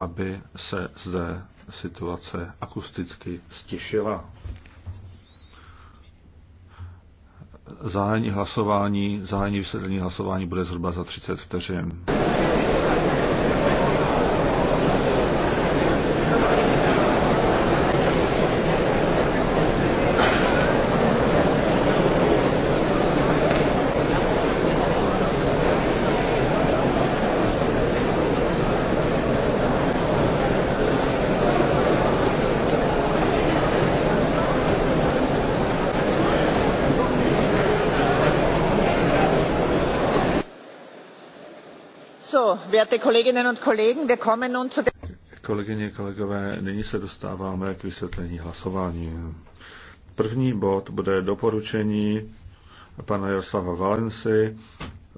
aby se zde situace akusticky stišila. Zájení hlasování, zájení vysvětlení hlasování bude zhruba za 30 vteřin. Kolegyně, kolegové, nyní se dostáváme k vysvětlení hlasování. První bod bude doporučení pana Jaroslava Valensy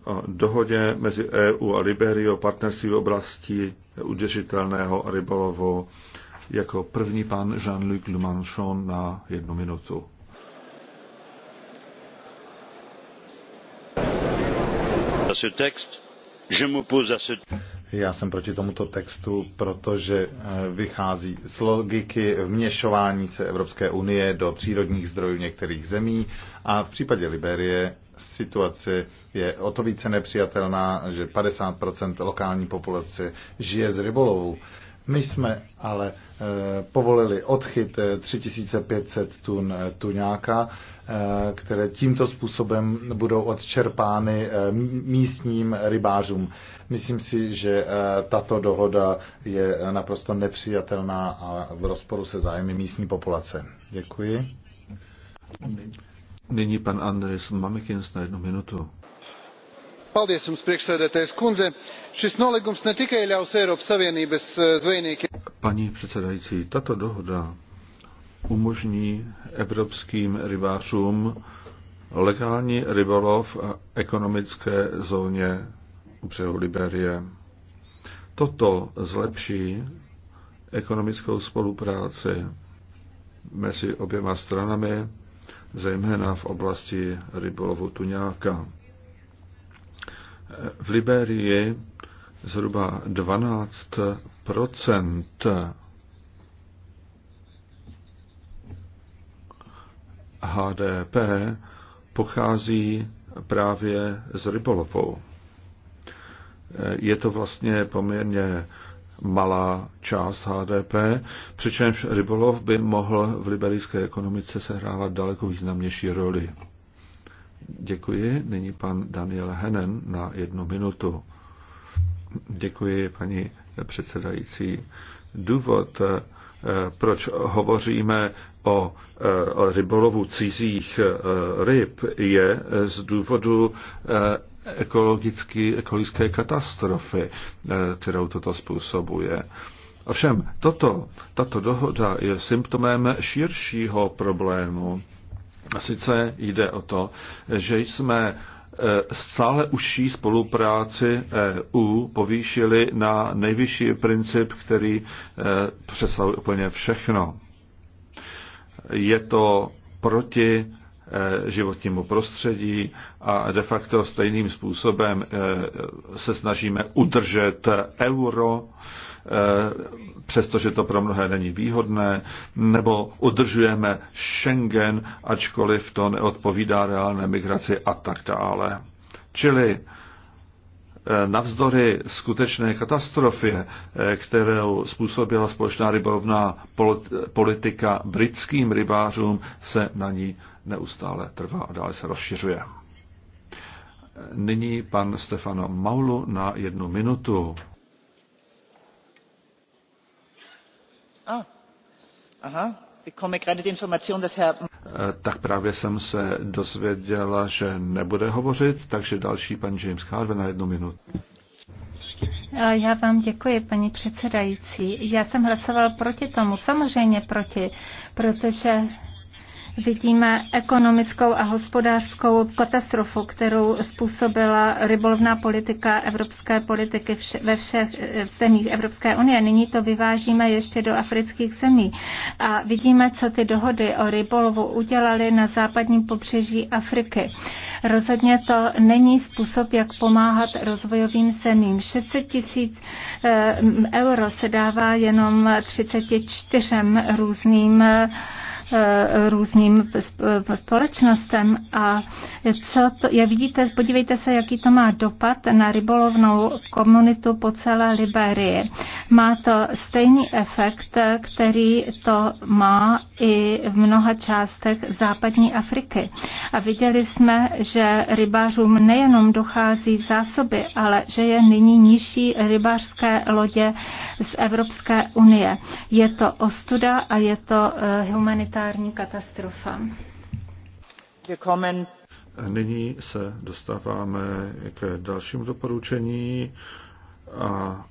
o dohodě mezi EU a Liberii o partnerství v oblasti udržitelného rybolovu. Jako první pan Jean-Luc Lumanchon na jednu minutu. Ce texte já jsem proti tomuto textu, protože eh, vychází z logiky vměšování se Evropské unie do přírodních zdrojů některých zemí a v případě Liberie situace je o to více nepřijatelná, že 50 lokální populace žije z rybolovu. My jsme ale eh, povolili odchyt 3500 eh, tun eh, tuňáka, které tímto způsobem budou odčerpány místním rybářům. Myslím si, že tato dohoda je naprosto nepřijatelná a v rozporu se zájmy místní populace. Děkuji. Nyní pan Andres Mamikins na jednu minutu. Paní předsedající, tato dohoda umožní evropským rybářům legální rybolov v ekonomické zóně u břehu Liberie. Toto zlepší ekonomickou spolupráci mezi oběma stranami, zejména v oblasti rybolovu tuňáka. V Liberii zhruba 12 HDP pochází právě z rybolovou. Je to vlastně poměrně malá část HDP, přičemž rybolov by mohl v liberijské ekonomice sehrávat daleko významnější roli. Děkuji. Nyní pan Daniel Henen na jednu minutu. Děkuji, paní předsedající. Důvod, eh, proč hovoříme o eh, rybolovu cizích eh, ryb, je z důvodu ekologické, ekologické katastrofy, kterou toto způsobuje. Ovšem, toto, tato dohoda je symptomem širšího problému Sice jde o to, že jsme e, stále užší spolupráci EU povýšili na nejvyšší princip, který e, přesahuje úplně všechno. Je to proti e, životnímu prostředí a de facto stejným způsobem se snažíme udržet euro Eh, přestože to pro mnohé není výhodné, nebo udržujeme Schengen, ačkoliv to neodpovídá reálné migraci a tak dále. Čili eh, navzdory skutečné katastrofě, eh, kterou způsobila společná rybovná politika britským rybářům, se na ní neustále trvá a dále se rozšiřuje. Nyní pan Stefano Maulu na jednu minutu. Ah. Eh, tak právě jsem se dozvěděla, že nebude hovořit, takže další pan James Carver na jednu minutu. Já vám děkuji, paní předsedající. Já jsem hlasoval proti tomu, samozřejmě proti, protože vidíme ekonomickou a hospodářskou katastrofu, kterou způsobila rybolovná politika evropské politiky ve všech eh, zemích Evropské unie. Nyní to vyvážíme ještě do afrických zemí. A vidíme, co ty dohody o rybolovu udělaly na západním pobřeží Afriky. Rozhodně to není způsob, jak pomáhat rozvojovým zemím. 600 tisíc eh, euro se dává jenom 34 různým eh, Eh, různým společnostem. A co to, jak vidíte, podívejte se, jaký to má dopad na rybolovnou komunitu po celé Liberii. Má to stejný efekt, který to má i v mnoha částech západní Afriky. A viděli jsme, že rybářům nejenom dochází zásoby, ale že je nyní nižší rybářské lodě z Evropské unie. Je to ostuda a je to eh, humanitární humanitární katastrofa. Nyní se dostáváme k dalšímu doporučení a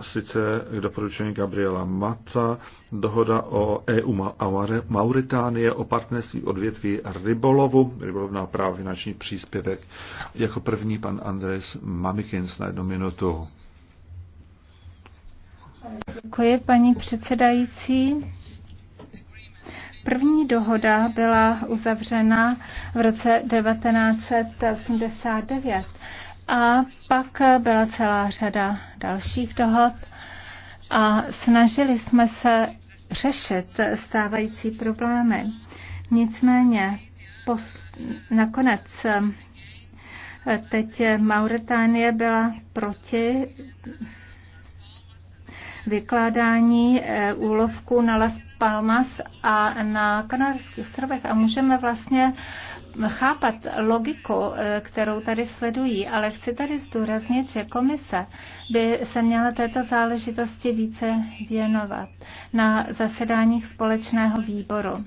sice k doporučení Gabriela Mata, dohoda o EU Mauritánie o partnerství odvětví rybolovu, rybolovná práva finanční příspěvek. Jako první pan Andres Mamikins na jednu minutu. Děkuji, paní předsedající. První dohoda byla uzavřena v roce 1989 a pak byla celá řada dalších dohod a snažili jsme se řešit stávající problémy. Nicméně pos- nakonec eh, teď Mauritánie byla proti vykládání eh, úlovku na Las Palmas a na Kanárských ostrovech a můžeme vlastně chápat logiku, eh, kterou tady sledují, ale chci tady zdůraznit, že komise by se měla této záležitosti více věnovat na zasedáních společného výboru.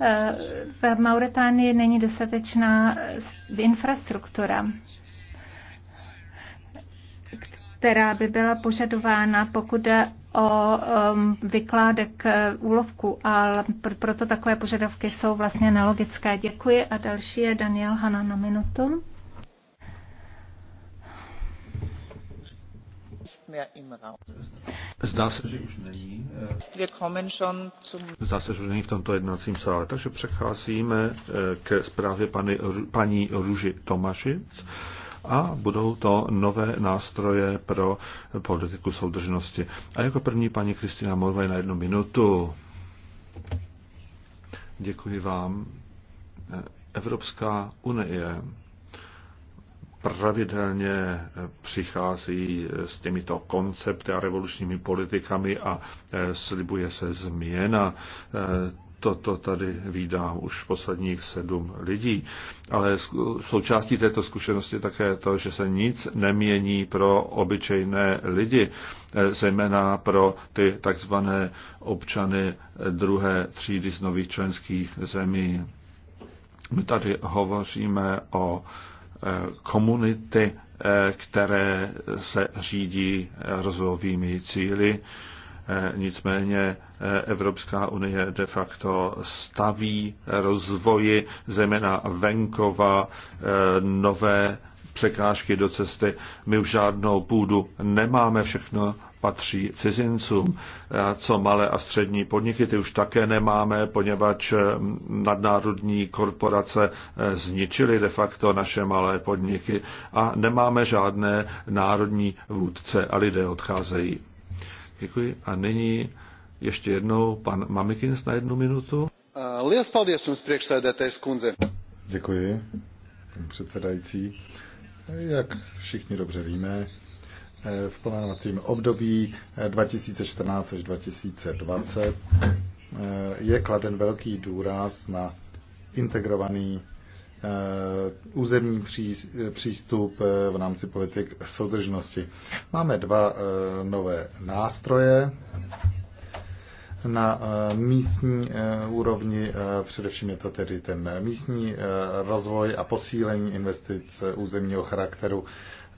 Eh, v Mauritánii není dostatečná infrastruktura která by byla požadována, pokud jde o um, vykládek uh, úlovku, ale pr- proto takové požadavky jsou vlastně nelogické. Děkuji a další je Daniel Hana na minutu. Zdá se, že už není. Eh, zdá se, že už není v tomto jednacím sále. Takže přecházíme eh, k zprávě paní Ruži Tomašic a budou to nové nástroje pro politiku soudržnosti. A jako první paní Kristina Morvaj na jednu minutu. Děkuji vám. Evropská unie pravidelně přichází s těmito koncepty a revolučními politikami a slibuje se změna toto tady výdám už posledních sedm lidí. Ale součástí této zkušenosti také je to, že se nic nemění pro obyčejné lidi, eh, zejména pro ty takzvané občany druhé třídy z nových členských zemí. My tady hovoříme o eh, komunity, eh, které se řídí rozvojovými cíly Nicméně eh, Evropská unie de facto staví rozvoji zejména venkova eh, nové překážky do cesty. My už žádnou půdu nemáme, všechno patří cizincům. Co malé a střední podniky, ty už také nemáme, poněvadž eh, nadnárodní korporace zničily de facto naše malé podniky a nemáme žádné národní vůdce a lidé odcházejí. Děkuji. A nyní ještě jednou pan Mamikins na jednu minutu. Lies paldies jums priekšsēdētais kundze. Děkuji, předsedající. Jak všichni dobře víme, eh, v plánovacím období 2014 eh, až 2020 eh, je kladen velký důraz na integrovaný Eh, územní přístup eh, v rámci politik soudržnosti. Máme dva eh, nové nástroje na místní úrovni, především je to tedy ten místní rozvoj a posílení investic územního charakteru.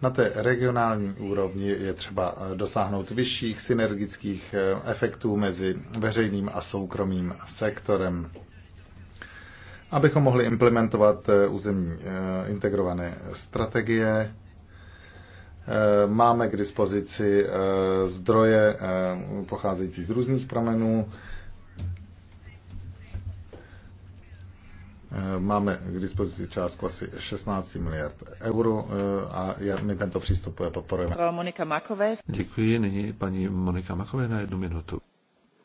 Na té regionální úrovni je třeba dosáhnout vyšších synergických efektů mezi veřejným a soukromým sektorem abychom mohli implementovat eh, územní eh, integrované strategie. Eh, máme k dispozici zdroje pocházející z různých pramenů. Máme k dispozici částku asi 16 miliard euro a my tento přístup podporujeme. Monika Makové. Děkuji. Nyní paní Monika Makové na jednu minutu.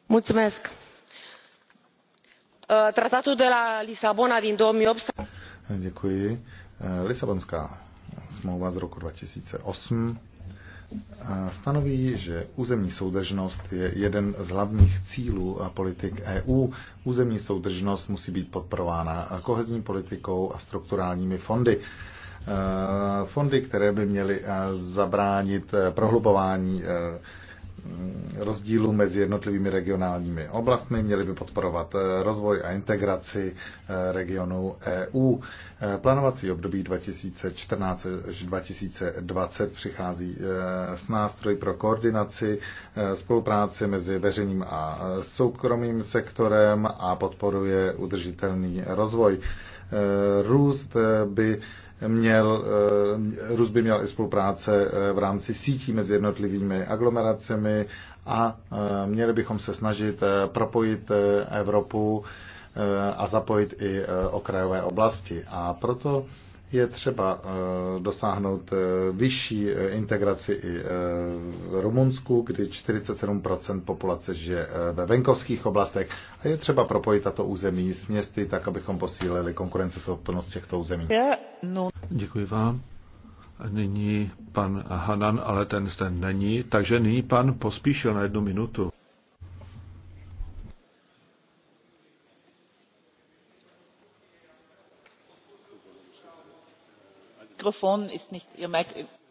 Mulțumesc Eh, tratatul de la Lisabona din 2008. Děkuji. Eh, Lisabonská smlouva z roku 2008 eh, stanoví, že územní soudržnost je jeden z hlavních cílů politik EU. Územní soudržnost musí být podporována kohezní politikou a strukturálními fondy. Fondy, které by měly zabránit prohlubování Mm, rozdílů mezi jednotlivými regionálními oblastmi, měli by podporovat eh, rozvoj a integraci eh, regionu EU. Eh, plánovací období 2014 až 2020 přichází s nástroj pro koordinaci spolupráce mezi veřejným a soukromým sektorem a podporuje udržitelný rozvoj. Růst by měl, eh, Rus by měl i spolupráce eh, v rámci sítí mezi jednotlivými aglomeracemi a eh, měli bychom se snažit propojit Evropu a zapojit i okrajové oblasti. A proto je třeba eh, dosáhnout eh, vyšší eh, integraci i v Rumunsku, kdy 47% populace žije ve venkovských oblastech a je třeba propojit tato území s městy, tak abychom posílili konkurenceschopnost těchto území. No. Děkuji vám. Nyní pan Hanan, ale ten zde není, takže nyní pan pospíšil na jednu minutu. mikrofon ist nicht ihr mikrofon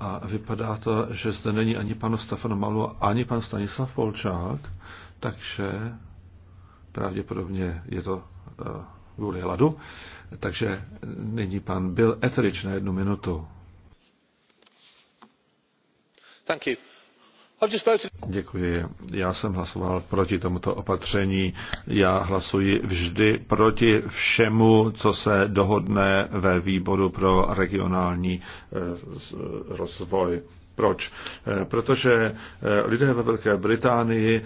A vypadá to, že zde není ani pan Stefan Malo, ani pan Stanislav Polčák, takže pravděpodobně je to eh, kvůli hladu. Takže nyní pan Bill Etheridge na jednu minutu. Thank you. Děkuji. Já jsem hlasoval proti tomuto opatření. Já hlasuji vždy proti všemu, co se dohodne ve výboru pro regionální eh, eh, rozvoj. Proč? Eh, protože lidé ve Velké Británii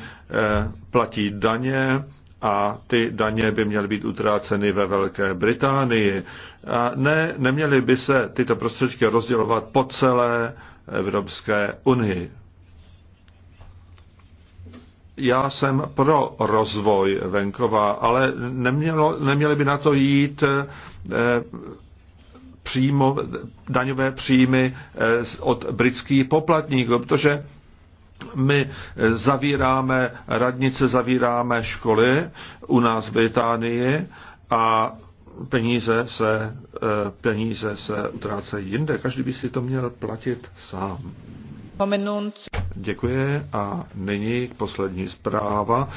platí daně, a ty daně by měly být utráceny ve Velké Británii. A ne, neměly by se tyto prostředky rozdělovat po celé Evropské unii já jsem pro rozvoj venkova, ale nemělo, neměly by na to jít eh, přímo, daňové příjmy eh, od britských poplatníků, protože my zavíráme radnice, zavíráme školy u nás v Británii a peníze se, eh, peníze se utrácejí jinde. Každý by si to měl platit sám. Děkuji a nyní poslední zpráva,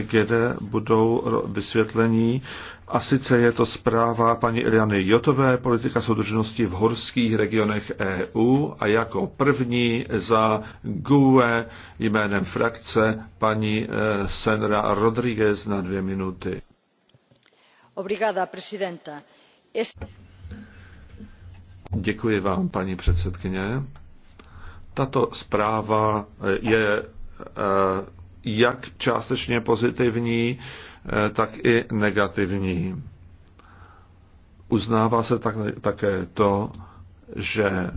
kde budou vysvětlení. A sice je to zpráva paní Iliany Jotové, politika soudržnosti v horských regionech EU a jako první za GUE jménem frakce paní eh, Senra Rodriguez na dvě minuty. Obrigada, prezidenta. Děkuji vám, paní předsedkyně. Tato zpráva je eh, jak částečně pozitivní, eh, tak i negativní. Uznává se tak, také to, že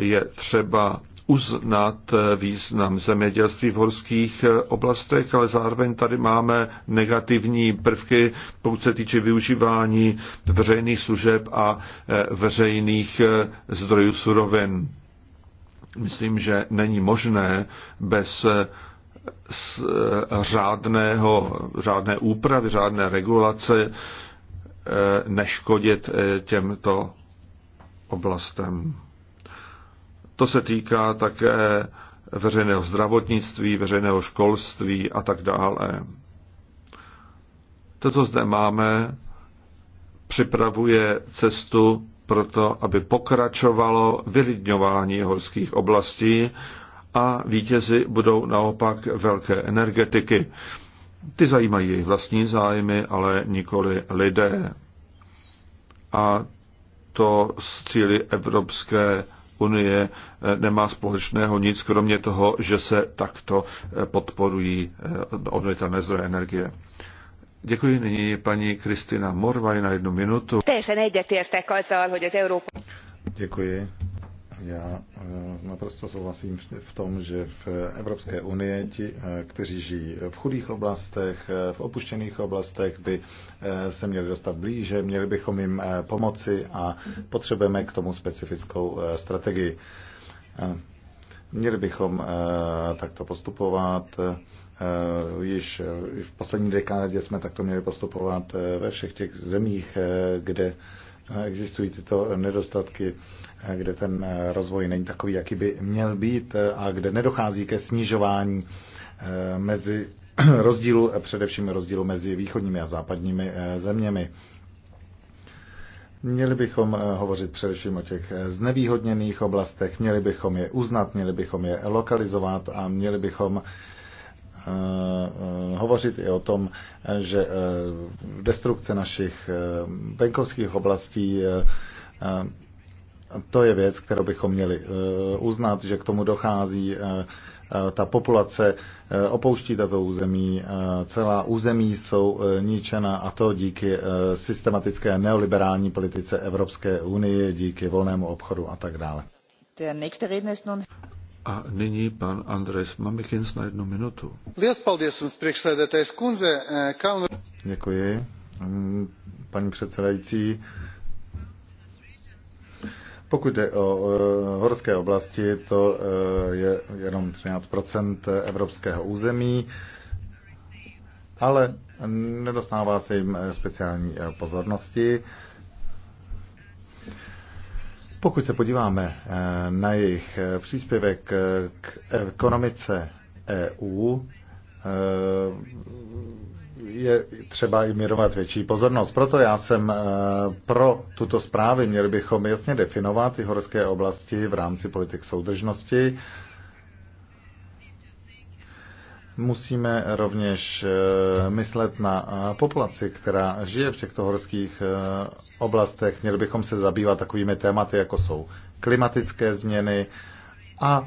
je třeba uznat eh, význam zemědělství v horských oblastech, ale zároveň tady máme negativní prvky, pokud se týče využívání veřejných služeb a veřejných zdrojů surovin myslím, že není možné bez eh, eh, řádného, řádné úpravy, řádné regulace eh, neškodit těmto oblastem. To se týká také veřejného zdravotnictví, veřejného školství a tak dále. To, co zde máme, připravuje cestu proto, aby pokračovalo vylidňování horských oblastí a vítězi budou naopak velké energetiky. Ty zajímají jejich vlastní zájmy, ale nikoli lidé. A to s cíly Evropské unie nemá společného nic, kromě toho, že se takto podporují obnovitelné zdroje energie. Děkuji nyní paní Kristina Morvaj na jednu minutu. Teljesen egyetértek azzal, hogy az Európa... Děkuji. Já eh, naprosto souhlasím v tom, že v Evropské unii ti, eh, kteří žijí v chudých oblastech, eh, v opuštěných oblastech, by se měli dostat blíže, měli bychom jim pomoci a potřebujeme k tomu specifickou strategii. Měli bychom takto postupovat Eh, eh, již v poslední dekádě jsme takto měli postupovat eh, ve všech těch zemích, kde existují tyto nedostatky, kde ten rozvoj není takový, jaký by měl být a kde nedochází ke snižování mezi rozdílu, především rozdílu mezi východními a západními zeměmi. Měli bychom hovořit především o těch znevýhodněných oblastech, měli bychom je uznat, měli bychom je lokalizovat a měli bychom Eh, eh, hovořit i o tom, eh, že destrukce našich venkovských oblastí to je věc, kterou bychom měli uznat, že k tomu dochází. Ta populace opouští tato území, celá území jsou ničena a to díky systematické neoliberální politice Evropské unie, díky volnému obchodu a tak dále. A nyní pan Andres Mamikins na jednu minutu. E, Děkuji, mm, paní předsedající. Pokud jde o e, horské oblasti, to e, je jenom 13 evropského území, ale nedostává se jim speciální pozornosti. Pokud se podíváme eh, na jejich eh, příspěvek eh, k ekonomice EU, je třeba jim věnovat větší pozornost. Proto já jsem pro tuto zprávy. Měli bychom jasně definovat ty horské oblasti v rámci politik soudržnosti. Musíme rovněž myslet na populaci, která žije v těchto horských oblastech. Měli bychom se zabývat takovými tématy, jako jsou klimatické změny a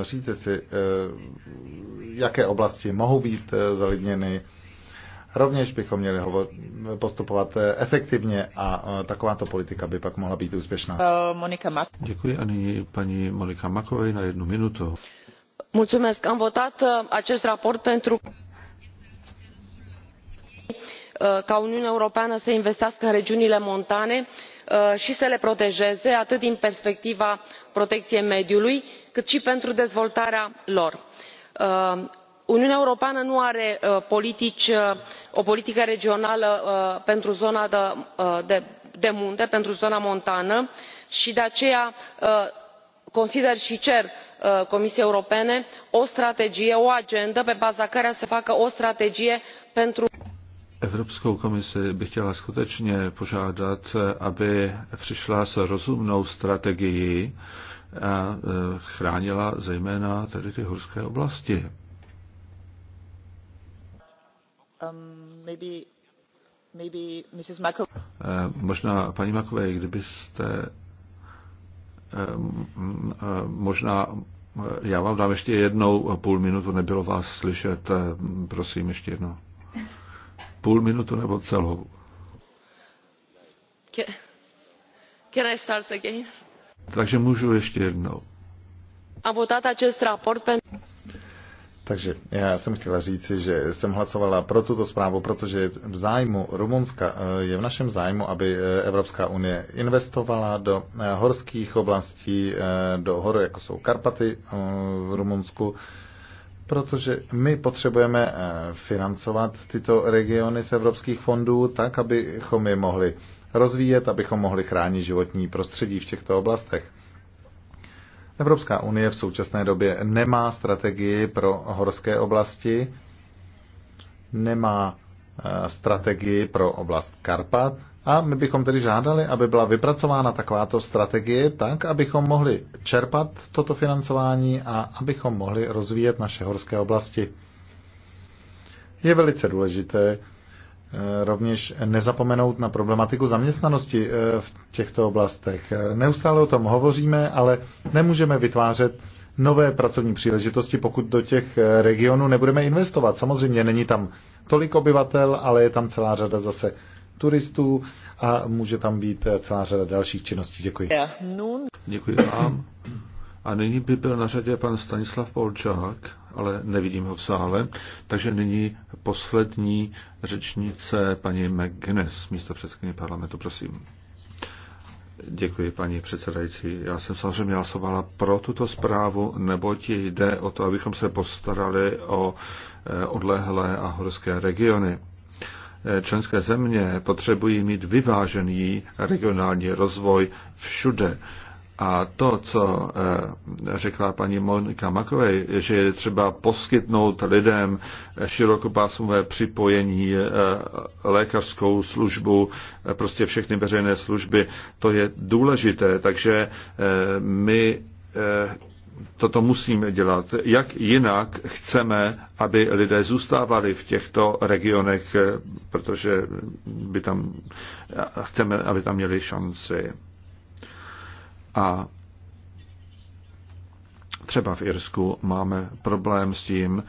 e, říct si, e, jaké oblasti mohou být e, zalidněny. Rovněž bychom měli postupovat efektivně a takováto politika by pak mohla být úspěšná. Monika Mak. Děkuji a nyní paní Monika Makovej na jednu minutu. Mulțumesc. Am votat acest raport pentru Uh, ca uniunea europeană să investească în regiunile montane uh, și să le protejeze atât din perspectiva protecției mediului cât și pentru dezvoltarea lor. Uh, uniunea europeană nu are o politică regională pentru zona de munte pentru zona montană și de aceea consider și cer comisiei europene o strategie o agendă pe baza căreia să facă o strategie pentru Evropskou komisi bych chtěla skutečně požádat, aby přišla s rozumnou strategií a e, chránila zejména tedy ty horské oblasti. Um, maybe, maybe Mrs. Mako... E, možná, paní Makové, kdybyste e, možná já vám dám ještě jednou půl minutu, nebylo vás slyšet, prosím ještě jednou půl minutu nebo celou? Can I start again? Takže můžu ještě jednou. A votat acest raport pen... Takže já jsem chtěla říci, že jsem hlasovala pro tuto zprávu, protože v zájmu Rumunska eh, je v našem zájmu, aby eh, Evropská unie investovala do eh, horských oblastí, do hor, jako jsou Karpaty v Rumunsku, protože my potřebujeme eh, financovat tyto regiony z evropských fondů tak, abychom je mohli rozvíjet, abychom mohli chránit životní prostředí v těchto oblastech. Evropská unie v současné době nemá strategii pro horské oblasti, nemá eh, strategii pro oblast Karpat a my bychom tedy žádali, aby byla vypracována takováto strategie tak, abychom mohli čerpat toto financování a abychom mohli rozvíjet naše horské oblasti. Je velice důležité eh, rovněž nezapomenout na problematiku zaměstnanosti eh, v těchto oblastech. Neustále o tom hovoříme, ale nemůžeme vytvářet nové pracovní příležitosti, pokud do těch eh, regionů nebudeme investovat. Samozřejmě není tam tolik obyvatel, ale je tam celá řada zase turistů a může tam být eh, celá řada dalších činností. Děkuji. Děkuji vám. A nyní by byl na řadě pan Stanislav Polčák, ale nevidím ho v sále, takže nyní poslední řečnice paní McGuinness, místo předsedkyně parlamentu, prosím. Děkuji, paní předsedající. Já jsem samozřejmě hlasovala pro tuto zprávu, neboť jde o to, abychom se postarali o eh, odlehlé a horské regiony členské země potřebují mít vyvážený regionální rozvoj všude. A to, co eh, řekla paní Monika Makovej, že je třeba poskytnout lidem širokopásmové připojení, eh, lékařskou službu, eh, prostě všechny veřejné služby, to je důležité. Takže my toto musíme dělat. Jak jinak chceme, aby lidé zůstávali v těchto regionech, protože by tam, chceme, aby tam měli šanci. A třeba v Irsku máme problém s tím,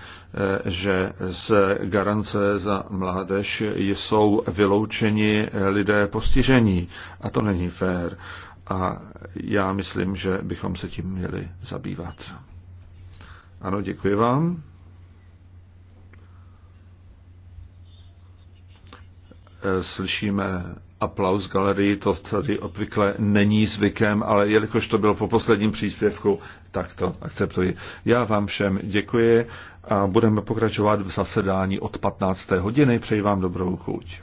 že z garance za mládež jsou vyloučeni lidé postižení. A to není fér a já myslím, že bychom se tím měli zabývat. Ano, děkuji vám. Slyšíme aplaus galerii, to tady obvykle není zvykem, ale jelikož to bylo po posledním příspěvku, tak to akceptuji. Já vám všem děkuji a budeme pokračovat v zasedání od 15. hodiny. Přeji vám dobrou chuť.